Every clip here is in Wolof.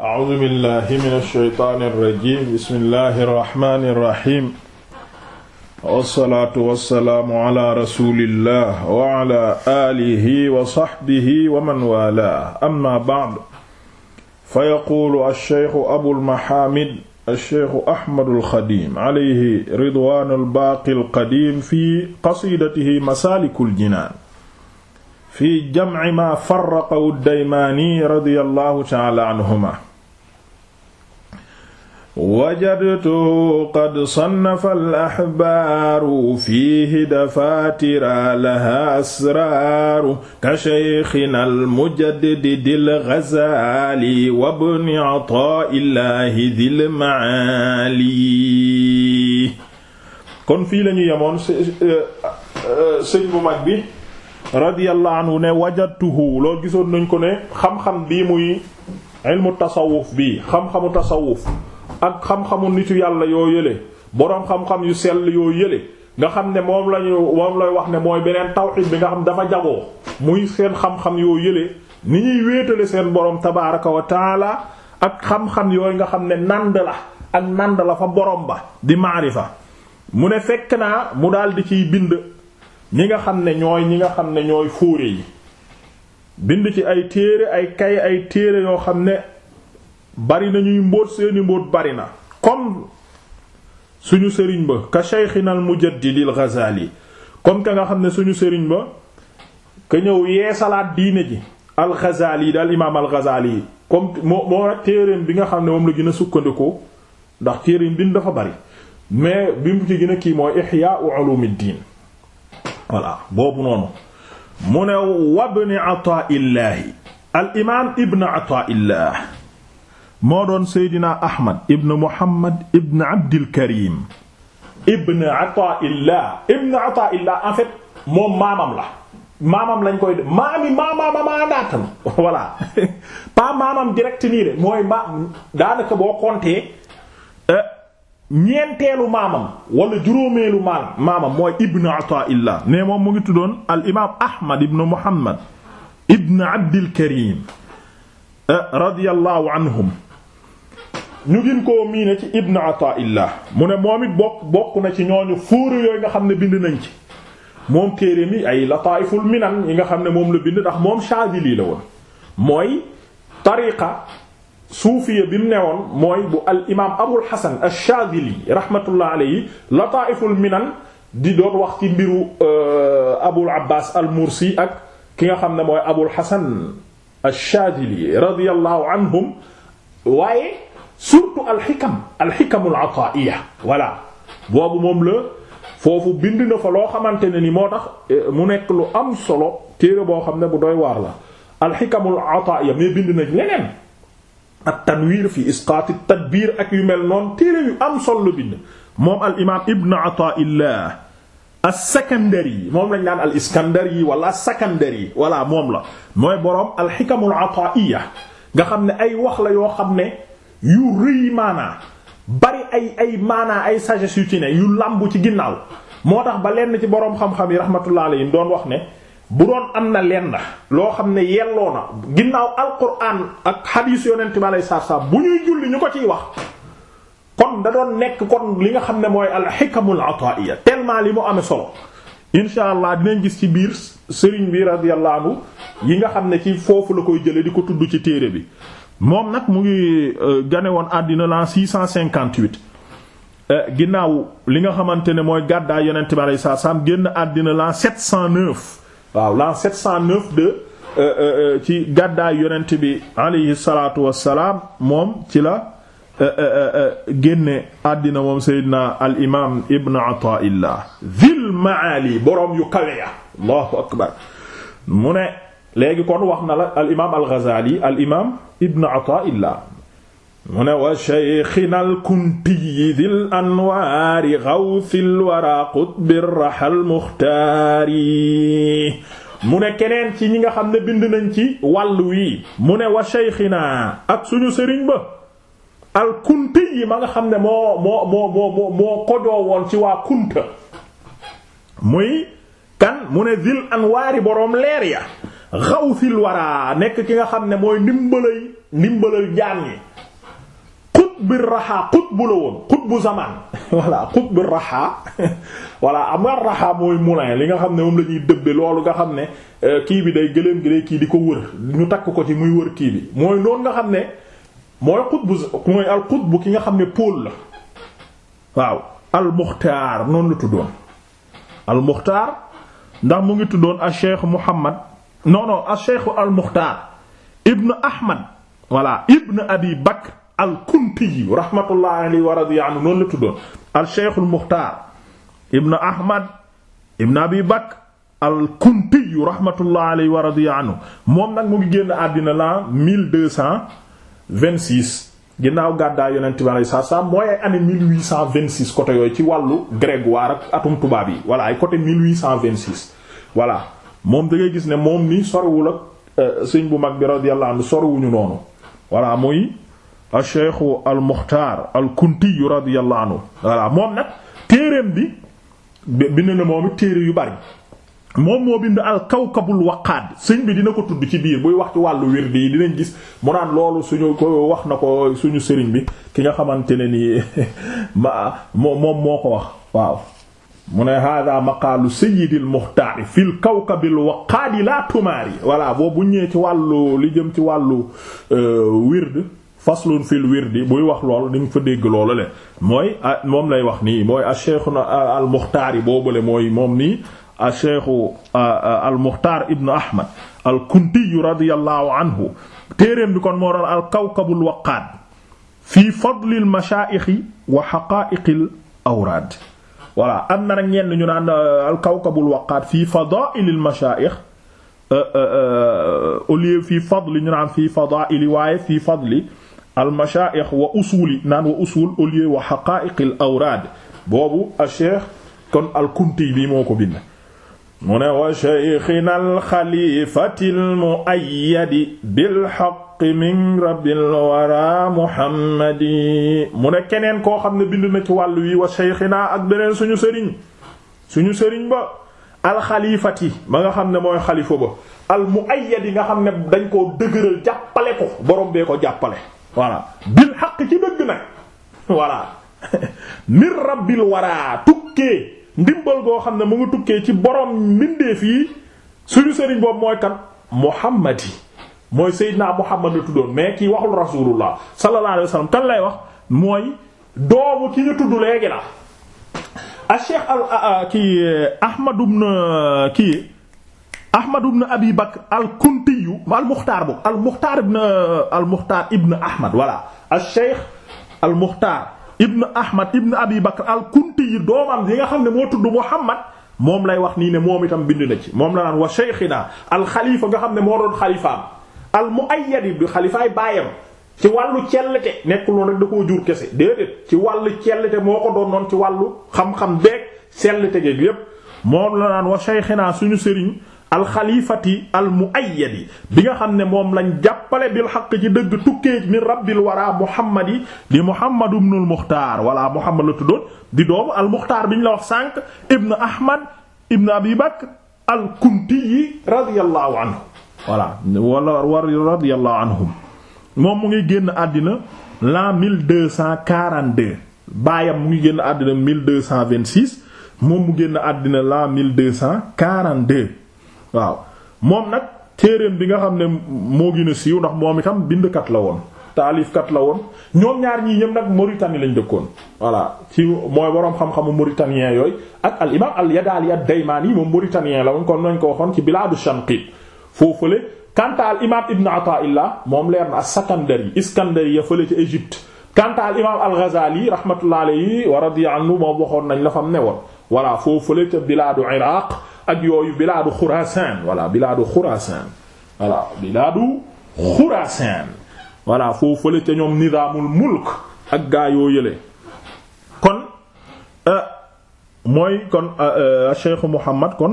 أعوذ بالله من الشيطان الرجيم بسم الله الرحمن الرحيم والصلاة والسلام على رسول الله وعلى آله وصحبه ومن والاه أما بعد فيقول الشيخ أبو المحامد الشيخ أحمد الخديم عليه رضوان الباقي القديم في قصيدته مسالك الجنان في جمع ما فرقه الديماني رضي الله تعالى عنهما wajadtuhu qad sannafa al-axbaaru fiihi dafaatira lahaa asraaru ka shaykhinaa al-mujaddidi al-Ghazaali wa ibni Ataa'illaahi dil macaali. kon fii la ñu yemoon euh, euh, sëñ bu mag bi radiyallahu anhu ne wajadtuhu loolu gisoon nañ ko ne xam-xam bii muy ilmu tasawuf bii xam-xamu tasawuf. ak xam-xamu nitu yàlla yoo yële boroom xam-xam yu sell yoo yële nga xam ne moom lañu moom lay wax ne mooy beneen tawxid bi nga xam dafa jagoo muy seen xam-xam yële ni wéetale seen boroom tabaaraka wa taala ak xam-xam yooyu nga xam ne nànd la ak nànd la fa boroom ba di fa mu ne fekk naa mu daal di ciy bind ñi nga xam ne ñooy ñi nga xam ne ñooy fóore yi bind ci ay téere ay kay ay téere yoo xam ne bari na ñuy mbóot seeni mbóot bari na comme suñu sëriñ ba ka sheykhina al di al ghazali comme ka nga xam ne suñu sëriñ ba ka ñëw yeesalaat diine ji al ghazali yi daal imaam al ghazali comme moo moo nag bi nga xam ne moom la gën a sukkandiku ndax téereem bi dafa bari mais bi mu ci gën a kii mooy ihya ulumuddin voilà boobu noonu mu ne wabni ataa'illahi al imaam ibn ataa'illah moo doon seydina ahmad ibn muhammad ibn abdilkarim ibn ataillah ibn ataillah en moom maamam la maamam lañ koy maami maamaama maa daatam voilà pas maamam direct nii de mooy maam daanaka boo compter euh, ñeenteelu maamam wala juróomeelu maam maamam mooy ibn ataillah ne moom mu ngi tuddoon al imaam ahmad ibn muhammad ibn abdilkarim euh, radiyallahu anhum ñu gin koo miine ci ibn illah mu ne moom it bokk bokk na ci ñooñu fóora yooyu nga xam ne bind nañ ci moom téere mi ay lataiful minan yi nga xam ne moom la bind ndax moom Shaadili la woon mooy tariqa suufiya bi mu newoon mooy bu al imaam abul hasan ash-Shaadili rahmatullah alayhi minan di doon wax ci mbiru euh, abul abbas al mursi ak ki nga xam ne mooy abul hasan ash-Shaadili radiyallahu anhum waaye surtout alxikam alxikamul ataiya voilà boobu moom la foofu bind na fa loo xamante ne ni moo tax eh, mu nekk lu am solo téere boo xam ne bu doy waar la alxikamul ataiya mais bind na leneen at tanwiir fi isqaati tadbiir ak yu mel noonu téere yu am solo la bind moom al imaam ibn ataillah as-Sakandari moom lañ naan al iskandari wala sakandari voilà moom la mooy boroom alxikamul ataiya nga xam ne ay wax la yoo xam ne yu rëy maanaa bari ay ay maanaa ay sagesse yu ci ne yu làmbu ci ginnaaw moo tax ba lenn ci boroom xam-xam yi rahmatullah alayhi doon wax ne bu doon am na lenn loo xam ne yelloo na ginnaaw alquran ak hadith yonent bi alayhi salaam bu ñuy julli ñu ko ciy wax kon da doon nekk kon li nga xam ne mooy al hikamul ataiya tellement li mu amee solo insha allah dinañ gis ci biir sëriñ bi radiyallahu anhu yi nga xam ne ci foofu la koy jële di ko tudd ci téere bi moom nag mu ngi euh, gane woon àddina l'an 658 euh, ginnaaw li nga xamante ne mooy gàddaay yonent bi alayhi salaam génn àddina l'an 709 waaw l'an 709 de euh, ci gàddaay yonent bi alayhi salaatu wassalaam moom ci la génne àddina moom seydina al imaam ibn ataillah zil maali boroom yu kawe allahu akbar mu ne léegi kon wax na la al imaam al Ghazali mu ne wa sheykhina al kuntiyi dil anwaari si wara qutbir raxal muxtaari mu ne keneen ci ñi nga xam ne bind nañ ci wàll wi mu ne wa sheykhina ak suñu sëriñ ba al kuntiyi ma nga xam ne moo moo moo moo moo kojoo woon ci waa kunta muy kan mu ne dil anwaari boroom leer ya xawsil waraa nekk ki nga xam ne mooy ndimbalay ndimbalal jaan yi xutbu raxaa xutbu la woon xutbu zamaan voilà xutbu raxaa voilà am nga raxaa mooy moulin li nga xam ne moom lañuy ñuy dëbbe loolu nga xam ne euh, kii bi day gëléem gi day kii di ko wër ñu takk ko ci muy wër kii bi mooy noonu nga xam ne mooy xutbu mooy al xutbu ki nga xam ne pôle la waaw al muxtaar noonu la tuddoon al muxtaar ndax mu ngi tuddoon al cheikh Muhammad non non al cheikh al mukhtar ibn ahmad voilà ibn abi bakr al kunti rahmatullah alayhi wa radiya anhu noonu la tuddoon al cheikh al mukhtar ibn ahmad ibn abi bakr al kunti rahmatullah alayhi wa radiya anhu moom nag mu ngi génn àddina la 1226 ginnaaw gàddaay yonent bi alayhi salaam mooy ay année 1826 côté yooyu ci wàllu grégoire ak atum tubaab yi voilà ay côté 1826 voilà moom da gis ne moom ni sorwul ak euh, sëñ bu mag bi radiyallahu anhu sorwuñu noonu voilà muy acheikhu al muxtaar al kuntiyu radiyallahu anhu voilà moom nag téereem bi bind na moom it téere yu bari moom moo bind al kawkabul waqaad sëñ bi dina ko tudd ci biir buy wax ci wàllu wird yi dinañ gis mu naan loolu suñu ko wax na ko suñu sëriñ bi ki nga xamante ne nii ma moom moo ko wax waaw mu ne hada maqaalu sayyidil muxtaari fil kawkabil waqaadi laa tumaari voilà boobu ñëwee ci wàllu li jëm ci wàllu euh, wird faslun fil wirdi buy wax lool ni nga fa dégg loolu le mooy ah, moom lay wax nii mooy a cheikhu na al muxtaari boobule mooy moom nii a cheikhu al muxtaar ibnu ahmad al kuntiyu radiyallahu anhu téeréem bi kon moo doon al kawkabul waqaad fii fadlil mashaayixi wa xaqaa'iqil awraad voilà am na nag ñenn ñu naan euh, alkawkabul waqaat fii fadaa'ilil mashaayix euh, euh, au lieu fii fadli ñu naan fii fadaa'ili waaye fii fadli al mashaayix wa usuuli naan wa usuul au lieu wa haqaa'iqil awraad boobu a cheikh kon alkunti bi moo ko bind mu ne wa shaykhina al xalifatil muayyadi bil haqq alxaqi min rabbil wara muhammadi mu ne keneen koo xam ne bind na ci wàllu wi wa seyxinaa ak beneen suñu sëriñ suñu sëriñ ba alxalifati ba nga xam ne mooy xalifa ba almu muayyad yi nga xam ne dañ koo dëgëral jàppale ko borom bee ko jàppale voilà bil xaq ci dëgg nag voilà min rabbil wara tukkee ndimbal goo xam ne mu ngi tukkee ci borom mbindeef yi suñu sëriñ boobu mooy kan muhammadi mooy Seydina Muhammad la tuddoon mais ki waxul rasulullah sallallahu alayhi wa sallam kan lay wax mooy doomu ki ñu tudd léegi la a cheikh al kii Ahmad ibn kii Ahmad ibn Abi Bakr al-Kunti al-Mukhtar bu al-Mukhtar ibn al-Mukhtar ibn Ahmad voilà al-Cheikh al-Mukhtar ibn Ahmad ibn Abi Bakr al-Kunti doomam yi nga xam ne moo tudd Muhammad moom lay wax nii ne moom itam bind na ci moom la naan wa cheikhina al-Khalifa nga xam ne moo doon xalifaam al muayyad bi xalifaay baayam ci wàllu cellete nekkul noonu rek da koo jur kese déedéet ci wàllu cellete moo ko doon noon ci wàllu xam-xam beeg cellete geeg yépp moom la naan wa shaykhina suñu sëriñ alxalifati al muayyadi bi nga xam ne moom lañ jàppale bil xaq ci dëgg tukkee ni rabbil wara muhammad yi di muhammad ibnul muxtaar wala muhammad la tuddoon di doomu al muxtaar bi ñu la wax sànq ibn ahmad ibn abi bakr al kunti yi radiyallahu anhu voilà wala war radiyallahu anhum moom mu ngi génn àddina l'an 1242 baayam mu ngi génn àddina 1226 moom mu génn àddina l'an 1242 waaw moom nag téereem bi nga xam ne moo gën a siiw ndax moom itam bindkat la woon taalifkat la woon ñoom ñaar ñii ñëpp nag Mauritanie lañ dëkkoon voilà ci mooy boroom xam-xamu mauritanien yooyu ak al imam al Yadaali ad-Daymaani moom mauritanien la woon kon nañ ko waxoon ci bilaadu Shanqiit foofale kanta al imam ibn ataillah moom leer na as-Sakandari ya fële ca Égypte kanta al imam rahmatullah alayhi wa radiya anhu moom waxoon nañ la fam ne woon voilà foofale ca bilaadu iraq ak yooyu bilaadu Khurasan voilà bilaadu Khurasan voilà bilaadu Khurasan voilà foofale mooy kon euh, euh, Cheikh Muhammad kon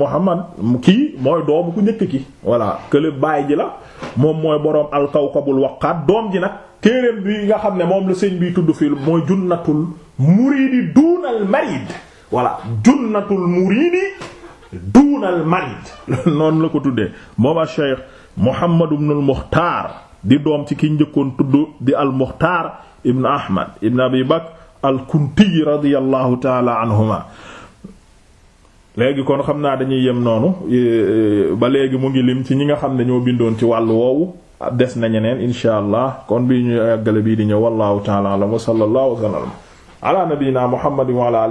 Muhammad mm, kii mooy doomu ku njëkk ki voilà kële baay ji la moom mooy boroom alkawkabul waqaat doom ji nag téereem bi nga xam ne moom la sëñ bi tudd fii mooy junnatul muriidi duunal marid voilà junnatul muriidi duunal marid noonu la ko tuddee moom a Cheikh Muhammad ibnul Muxtaar di doom ci ki njëkkoon tudd di al Muxtaar ibnu Ahmad ibnu Abi Bakr al-Kunti radiyallahu taala anhuma léegi kon xam naa dañuy yem noonu e, e, ba léegi mu ngi lim ci ñi nga xam ne ñoo bindoon ci wàllu woowu des na ñeneen insha kon bii ñu àggale bii di ñëw wallahu taala alam wa sallallahu wa sallam ala nabiyyina muhammadin wa ala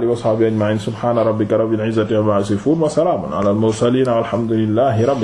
alihi